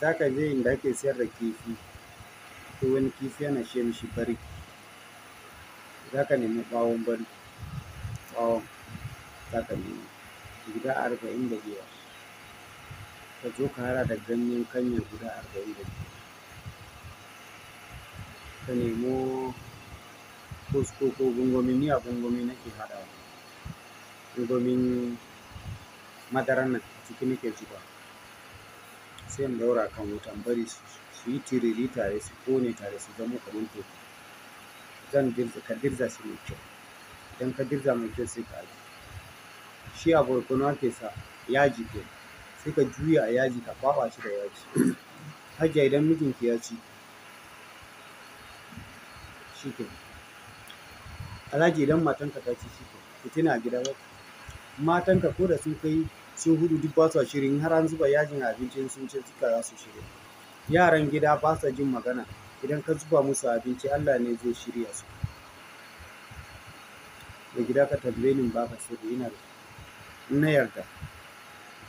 za ka je inda ake siyar da kifi to wani kifi yana ce mishi bari za ka nemi ɓawon bari ɓawon za ka nemi guda arba'in da biyar ka zo ka hara da ganyen kanya guda arba'in da biyar ka nemo kusko ko gungumin ni a gungumi nake hadawa gungumin madarar nan ciki nake zuba sai in ɗaura kan wutan bari su yi tiriri tare su ƙone tare su zama kamar teku zan dirza ka dirza su mai kyau idan ka dirza mai kyau sai ka aji. shi a barkono ake sa yaji ke sai ka juya a yaji ka kwaɓa shi da yaji hajiya idan mijinki ya ci shi ke alhaji idan matanka ta ci shi ke fitina gida ba matanka ko da sun kai sun hudu duk ba sa shirin har an zuba yajin abinci sun ce suka za su shirya yaran gida ba sa jin magana idan ka zuba musu abinci allah ne zai shirya su da gida ka tambaye ni ba ka sirri ina da na yarda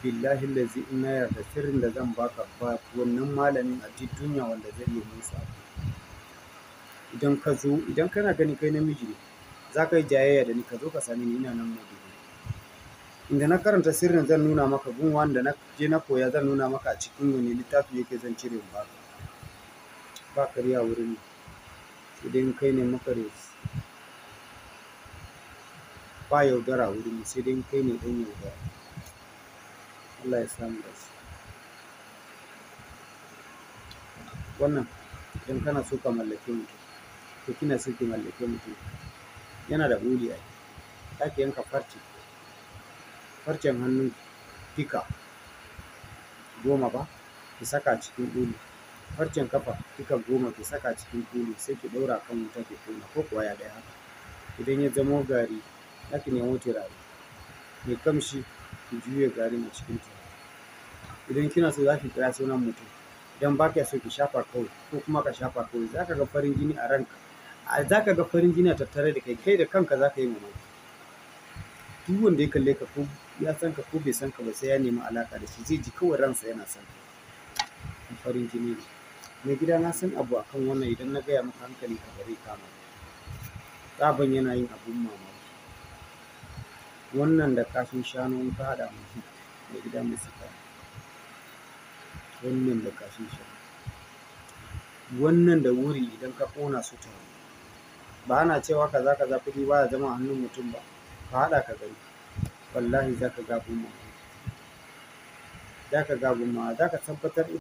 billahi lazi ina yarda sirrin da zan baka ba wannan malamin a duniya wanda zai yi musu idan ka zo idan kana gani kai namiji ne za ka yi jayayya da ni ka zo ka sami ni ina nan inda na karanta sirrin zan nuna maka gun wanda na je na koya zan nuna maka a cikin wani littafi yake zan cire ba ka ba karya wurin idan kai ne makareci ba yaudara wurin ne sai dai kai ne dan yaudara Allah ya samu da su wannan idan kana so ka mallake mutum ko kina so ki mallake mutum yana da buri a ka yanka farce farcen hannun duka goma ba ki saka cikin ulu farcen kafa duka goma ki saka cikin ulu sai ki ɗaura kan wuta ki kuna ko kuwa ya ɗaya haka idan ya zamo gari za ki nemo turare mai kamshi ki juya gari na cikin turare idan kina so za ki kira sunan mutum idan ba so ki shafa kawai ko kuma ka shafa kawai za ka ga farin jini a ranka za ka ga farin jini a tattare da kai kai da kanka za ka yi mamaki duk wanda ya kalle ka ko ya san ka ko bai san ka ba sai ya nemi alaka da shi zai ji kawai ransa yana san ka farin jini ne mai gida na san abu akan wannan idan na gaya maka hankali ka bari kama tsaban yana yin abun mamaki wannan da kashin shanu in ka hada mai gida mai sika wannan da kashin shanu wannan da wuri idan ka ƙona su ta ba ana cewa kaza kaza kuɗi ba ya zama hannun mutum ba ka haɗa ka gani wallahi za ka ga abun zaka za ka ga abun za ka tabbatar